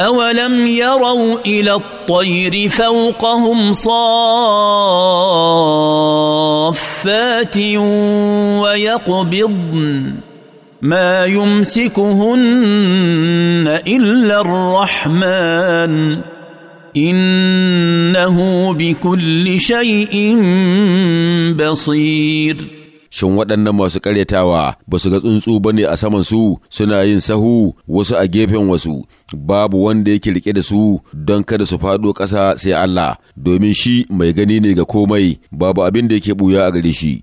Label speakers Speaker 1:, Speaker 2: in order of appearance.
Speaker 1: أولم يروا إلى الطير فوقهم صافات ويقبضن ما يمسكهن إلا الرحمن إنه بكل شيء
Speaker 2: بصير shin waɗannan masu ƙaryatawa ba su ga tsuntsu ba ne a saman su suna yin sahu wasu a gefen wasu babu wanda yake rike da su don kada su faɗo ƙasa sai Allah domin shi mai gani ne ga komai babu abin da yake ɓuya a gare shi